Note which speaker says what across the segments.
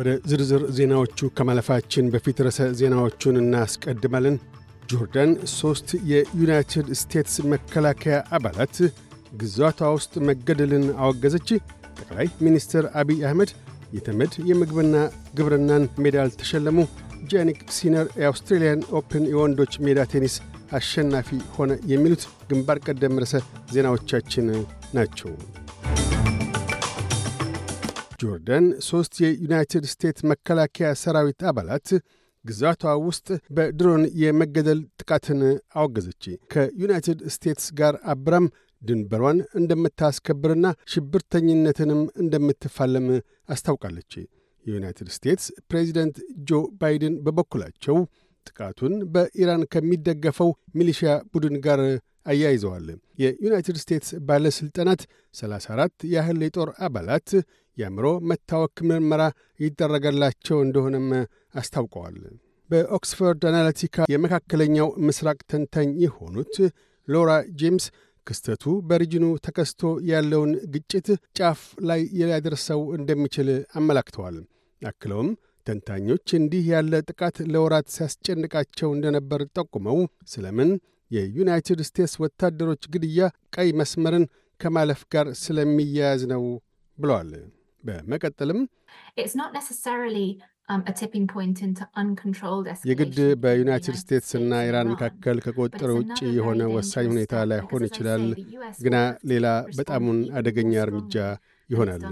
Speaker 1: ወደ ዝርዝር ዜናዎቹ ከማለፋችን በፊት ርዕሰ ዜናዎቹን እናስቀድማለን። ጆርዳን ሦስት የዩናይትድ ስቴትስ መከላከያ አባላት ግዛቷ ውስጥ መገደልን አወገዘች። ጠቅላይ ሚኒስትር አቢይ አህመድ የተመድ የምግብና ግብርናን ሜዳል ተሸለሙ። ጃኒክ ሲነር የአውስትሬልያን ኦፕን የወንዶች ሜዳ ቴኒስ አሸናፊ ሆነ። የሚሉት ግንባር ቀደም ርዕሰ ዜናዎቻችን ናቸው። ጆርደን ሦስት የዩናይትድ ስቴትስ መከላከያ ሰራዊት አባላት ግዛቷ ውስጥ በድሮን የመገደል ጥቃትን አወገዘች። ከዩናይትድ ስቴትስ ጋር አብራም ድንበሯን እንደምታስከብርና ሽብርተኝነትንም እንደምትፋለም አስታውቃለች። የዩናይትድ ስቴትስ ፕሬዚደንት ጆ ባይደን በበኩላቸው ጥቃቱን በኢራን ከሚደገፈው ሚሊሺያ ቡድን ጋር አያይዘዋል። የዩናይትድ ስቴትስ ባለሥልጣናት 34 ያህል የጦር አባላት የአእምሮ መታወክ ምርመራ ይደረገላቸው እንደሆነም አስታውቀዋል። በኦክስፎርድ አናላቲካ የመካከለኛው ምስራቅ ተንታኝ የሆኑት ሎራ ጄምስ ክስተቱ በሪጅኑ ተከስቶ ያለውን ግጭት ጫፍ ላይ ሊያደርሰው እንደሚችል አመላክተዋል። አክለውም ተንታኞች እንዲህ ያለ ጥቃት ለወራት ሲያስጨንቃቸው እንደነበር ጠቁመው ስለምን የዩናይትድ ስቴትስ ወታደሮች ግድያ ቀይ መስመርን ከማለፍ ጋር ስለሚያያዝ ነው ብለዋል። በመቀጠልም um, የግድ በዩናይትድ ስቴትስና ኢራን መካከል ከቁጥጥር ውጭ የሆነ ወሳኝ ሁኔታ ላይሆን ይችላል፣ ግና ሌላ በጣሙን አደገኛ እርምጃ ይሆናል።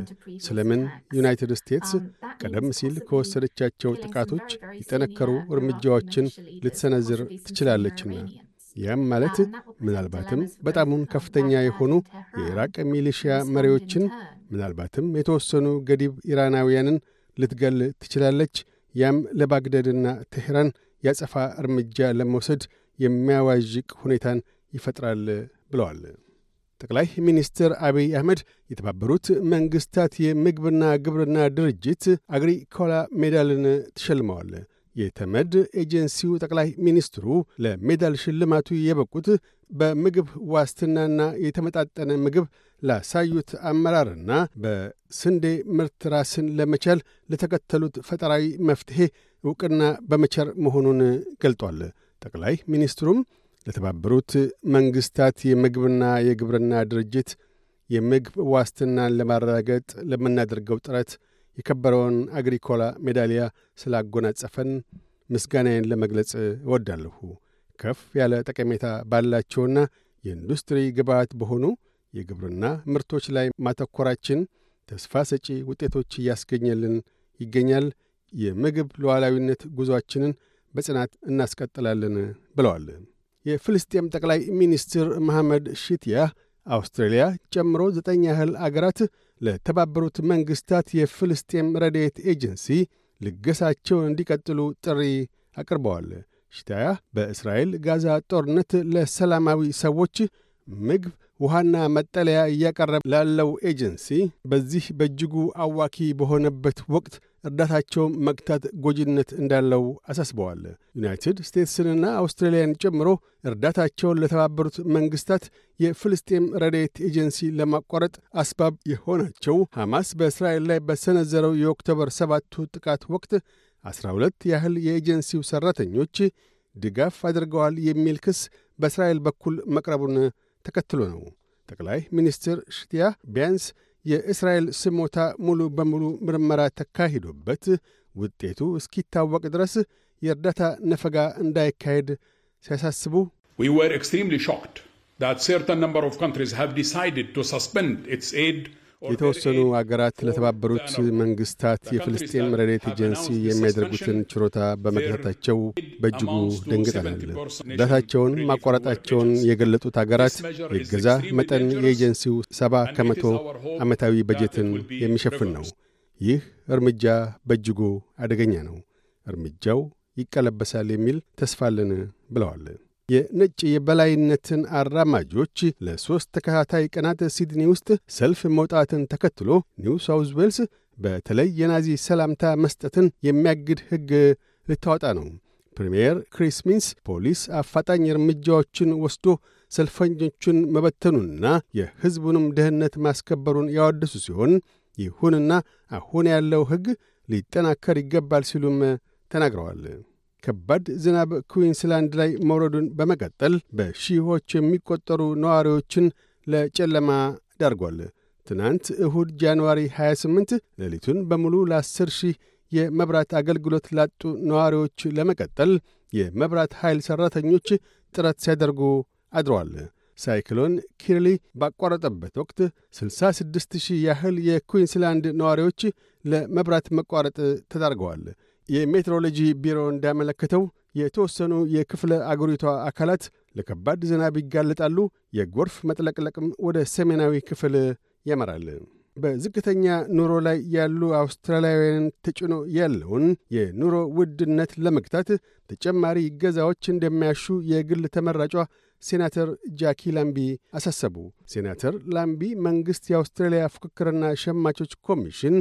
Speaker 1: ስለምን ዩናይትድ ስቴትስ um, ቀደም ሲል ከወሰደቻቸው ጥቃቶች የጠነከሩ እርምጃዎችን ልትሰነዝር ትችላለችና። ያም ማለት um, ምናልባትም በጣሙን ከፍተኛ የሆኑ የኢራቅ ሚሊሽያ መሪዎችን ምናልባትም የተወሰኑ ገዲብ ኢራናውያንን ልትገል ትችላለች። ያም ለባግዳድና ቴሄራን ያጸፋ እርምጃ ለመውሰድ የሚያዋዥቅ ሁኔታን ይፈጥራል ብለዋል። ጠቅላይ ሚኒስትር አቢይ አህመድ የተባበሩት መንግሥታት የምግብና ግብርና ድርጅት አግሪኮላ ሜዳልን ተሸልመዋል። የተመድ ኤጀንሲው ጠቅላይ ሚኒስትሩ ለሜዳል ሽልማቱ የበቁት በምግብ ዋስትናና የተመጣጠነ ምግብ ላሳዩት አመራርና በስንዴ ምርት ራስን ለመቻል ለተከተሉት ፈጠራዊ መፍትሔ ዕውቅና በመቸር መሆኑን ገልጧል። ጠቅላይ ሚኒስትሩም ለተባበሩት መንግሥታት የምግብና የግብርና ድርጅት የምግብ ዋስትናን ለማረጋገጥ ለምናደርገው ጥረት የከበረውን አግሪኮላ ሜዳሊያ ስላጎናጸፈን ምስጋናዬን ለመግለጽ እወዳለሁ። ከፍ ያለ ጠቀሜታ ባላቸውና የኢንዱስትሪ ግብዓት በሆኑ የግብርና ምርቶች ላይ ማተኮራችን ተስፋ ሰጪ ውጤቶች እያስገኘልን ይገኛል። የምግብ ሉዓላዊነት ጉዞአችንን በጽናት እናስቀጥላለን ብለዋል። የፍልስጤም ጠቅላይ ሚኒስትር መሐመድ ሺትያ አውስትራሊያ ጨምሮ ዘጠኝ ያህል አገራት ለተባበሩት መንግሥታት የፍልስጤም ረዴት ኤጀንሲ ልገሳቸውን እንዲቀጥሉ ጥሪ አቅርበዋል። ሽታያ በእስራኤል ጋዛ ጦርነት ለሰላማዊ ሰዎች ምግብ ውሃና መጠለያ እያቀረብ ላለው ኤጀንሲ በዚህ በእጅጉ አዋኪ በሆነበት ወቅት እርዳታቸውን መግታት ጎጂነት እንዳለው አሳስበዋል። ዩናይትድ ስቴትስንና አውስትራሊያን ጨምሮ እርዳታቸውን ለተባበሩት መንግስታት የፍልስጤም ረድኤት ኤጀንሲ ለማቋረጥ አስባብ የሆናቸው ሐማስ በእስራኤል ላይ በሰነዘረው የኦክቶበር ሰባቱ ጥቃት ወቅት ሁለት ያህል የኤጀንሲው ሠራተኞች ድጋፍ አድርገዋል የሚል ክስ በእስራኤል በኩል መቅረቡን ተከትሎ ነው። ጠቅላይ ሚኒስትር ሽትያ ቢያንስ የእስራኤል ስሞታ ሙሉ በሙሉ ምርመራ ተካሂዶበት ውጤቱ እስኪታወቅ ድረስ የእርዳታ ነፈጋ እንዳይካሄድ ሲያሳስቡ We were extremely shocked that certain number of countries have የተወሰኑ አገራት ለተባበሩት መንግስታት የፍልስጤን ረድኤት ኤጀንሲ የሚያደርጉትን ችሮታ በመግታታቸው በእጅጉ ደንግጠናል። እርዳታቸውን ማቋረጣቸውን የገለጡት አገራት የገዛ መጠን የኤጀንሲው ሰባ ከመቶ ዓመታዊ በጀትን የሚሸፍን ነው። ይህ እርምጃ በእጅጉ አደገኛ ነው። እርምጃው ይቀለበሳል የሚል ተስፋልን ብለዋል። የነጭ የበላይነትን አራማጆች ለሦስት ተከታታይ ቀናት ሲድኒ ውስጥ ሰልፍ መውጣትን ተከትሎ ኒው ሳውዝ ዌልስ በተለይ የናዚ ሰላምታ መስጠትን የሚያግድ ሕግ ልታወጣ ነው። ፕሪምየር ክሪስ ሚንስ ፖሊስ አፋጣኝ እርምጃዎችን ወስዶ ሰልፈኞቹን መበተኑንና የሕዝቡንም ደህንነት ማስከበሩን ያወደሱ ሲሆን ይሁንና አሁን ያለው ሕግ ሊጠናከር ይገባል ሲሉም ተናግረዋል። ከባድ ዝናብ ኩዊንስላንድ ላይ መውረዱን በመቀጠል በሺዎች የሚቆጠሩ ነዋሪዎችን ለጨለማ ዳርጓል። ትናንት እሁድ ጃንዋሪ 28 ሌሊቱን በሙሉ ለ10 ሺህ የመብራት አገልግሎት ላጡ ነዋሪዎች ለመቀጠል የመብራት ኃይል ሠራተኞች ጥረት ሲያደርጉ አድረዋል። ሳይክሎን ኪርሊ ባቋረጠበት ወቅት 66 ሺህ ያህል የኩዊንስላንድ ነዋሪዎች ለመብራት መቋረጥ ተዳርገዋል። የሜትሮሎጂ ቢሮ እንዳመለከተው የተወሰኑ የክፍለ አገሪቷ አካላት ለከባድ ዝናብ ይጋለጣሉ። የጎርፍ መጥለቅለቅም ወደ ሰሜናዊ ክፍል ያመራል። በዝቅተኛ ኑሮ ላይ ያሉ አውስትራሊያውያንን ተጭኖ ያለውን የኑሮ ውድነት ለመግታት ተጨማሪ ገዛዎች እንደሚያሹ የግል ተመራጯ ሴናተር ጃኪ ላምቢ አሳሰቡ። ሴናተር ላምቢ መንግሥት የአውስትራሊያ ፉክክርና ሸማቾች ኮሚሽን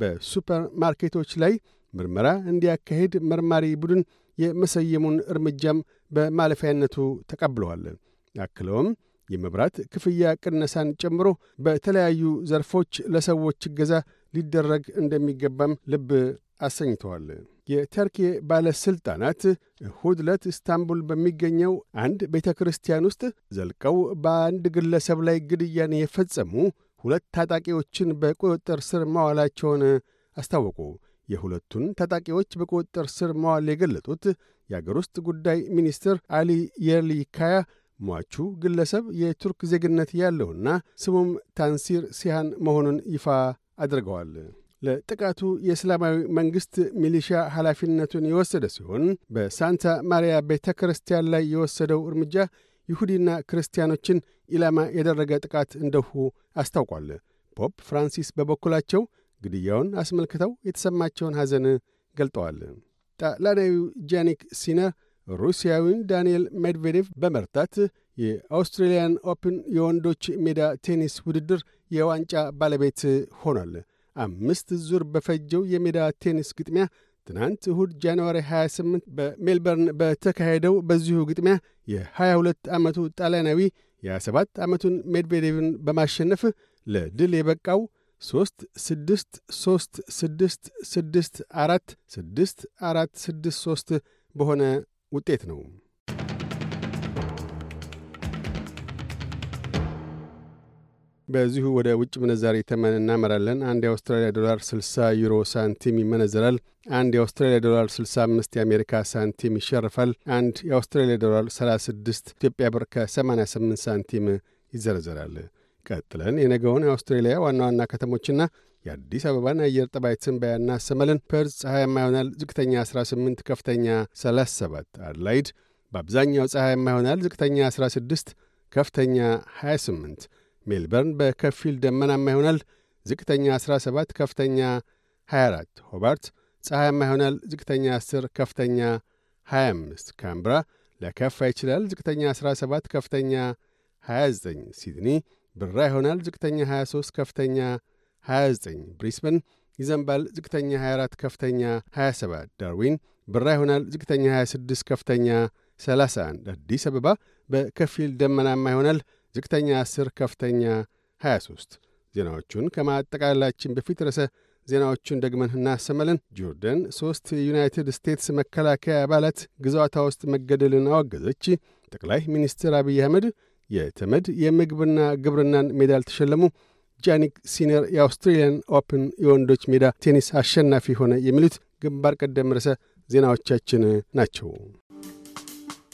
Speaker 1: በሱፐር ማርኬቶች ላይ ምርመራ እንዲያካሄድ መርማሪ ቡድን የመሰየሙን እርምጃም በማለፊያነቱ ተቀብለዋል። አክለውም የመብራት ክፍያ ቅነሳን ጨምሮ በተለያዩ ዘርፎች ለሰዎች እገዛ ሊደረግ እንደሚገባም ልብ አሰኝተዋል። የተርኬ ባለሥልጣናት እሁድ ዕለት ኢስታንቡል በሚገኘው አንድ ቤተ ክርስቲያን ውስጥ ዘልቀው በአንድ ግለሰብ ላይ ግድያን የፈጸሙ ሁለት ታጣቂዎችን በቁጥጥር ስር ማዋላቸውን አስታወቁ። የሁለቱን ታጣቂዎች በቁጥጥር ስር መዋል የገለጡት የአገር ውስጥ ጉዳይ ሚኒስትር አሊ የርሊካያ ሟቹ ግለሰብ የቱርክ ዜግነት ያለውና ስሙም ታንሲር ሲሃን መሆኑን ይፋ አድርገዋል። ለጥቃቱ የእስላማዊ መንግሥት ሚሊሻ ኃላፊነቱን የወሰደ ሲሆን በሳንታ ማርያ ቤተ ክርስቲያን ላይ የወሰደው እርምጃ ይሁዲና ክርስቲያኖችን ኢላማ የደረገ ጥቃት እንደሁ አስታውቋል። ፖፕ ፍራንሲስ በበኩላቸው ግድያውን አስመልክተው የተሰማቸውን ሐዘን ገልጠዋል። ጣሊያናዊው ጃኒክ ሲነር ሩሲያዊውን ዳንኤል ሜድቬዴቭ በመርታት የአውስትሬልያን ኦፕን የወንዶች ሜዳ ቴኒስ ውድድር የዋንጫ ባለቤት ሆኗል። አምስት ዙር በፈጀው የሜዳ ቴኒስ ግጥሚያ ትናንት እሁድ ጃንዋሪ 28 በሜልበርን በተካሄደው በዚሁ ግጥሚያ የ22 ዓመቱ ጣሊያናዊ የ27 ዓመቱን ሜድቬዴቭን በማሸነፍ ለድል የበቃው ሶስት ስድስት ሶስት ስድስት ስድስት አራት ስድስት አራት ስድስት ሶስት በሆነ ውጤት ነው። በዚሁ ወደ ውጭ ምንዛሪ ተመን እናመራለን። አንድ የአውስትራሊያ ዶላር 60 ዩሮ ሳንቲም ይመነዘራል። አንድ የአውስትራሊያ ዶላር 65 የአሜሪካ ሳንቲም ይሸርፋል። አንድ የአውስትራሊያ ዶላር 36 ኢትዮጵያ ብር ከ88 ሳንቲም ይዘረዘራል። ቀጥለን የነገውን የአውስትሬልያ ዋና ዋና ከተሞችና የአዲስ አበባን አየር ጠባይ ትንበያ እናሰማለን። ፐርዝ ፀሐያማ ይሆናል። ዝቅተኛ 18፣ ከፍተኛ 37። አድላይድ በአብዛኛው ፀሐያማ ይሆናል። ዝቅተኛ 16፣ ከፍተኛ 28። ሜልበርን በከፊል ደመናማ ይሆናል። ዝቅተኛ 17፣ ከፍተኛ 24። ሆባርት ፀሐያማ ይሆናል። ዝቅተኛ 10፣ ከፍተኛ 25። ካምብራ ለከፋ ይችላል። ዝቅተኛ 17፣ ከፍተኛ 29። ሲድኒ ብራ ይሆናል። ዝቅተኛ 23 ከፍተኛ 29። ብሪስበን ይዘንባል። ዝቅተኛ 24 ከፍተኛ 27። ዳርዊን ብራ ይሆናል። ዝቅተኛ 26 ከፍተኛ 31። አዲስ አበባ በከፊል ደመናማ ይሆናል። ዝቅተኛ 10 ከፍተኛ 23። ዜናዎቹን ከማጠቃለላችን በፊት ርዕሰ ዜናዎቹን ደግመን እናሰማለን። ጆርደን ሦስት የዩናይትድ ስቴትስ መከላከያ አባላት ግዛቷ ውስጥ መገደልን አወገዘች። ጠቅላይ ሚኒስትር አብይ አህመድ የተመድ የምግብና ግብርናን ሜዳል ተሸለሙ። ጃኒክ ሲነር የአውስትሬልያን ኦፕን የወንዶች ሜዳ ቴኒስ አሸናፊ ሆነ። የሚሉት ግንባር ቀደም ርዕሰ ዜናዎቻችን ናቸው።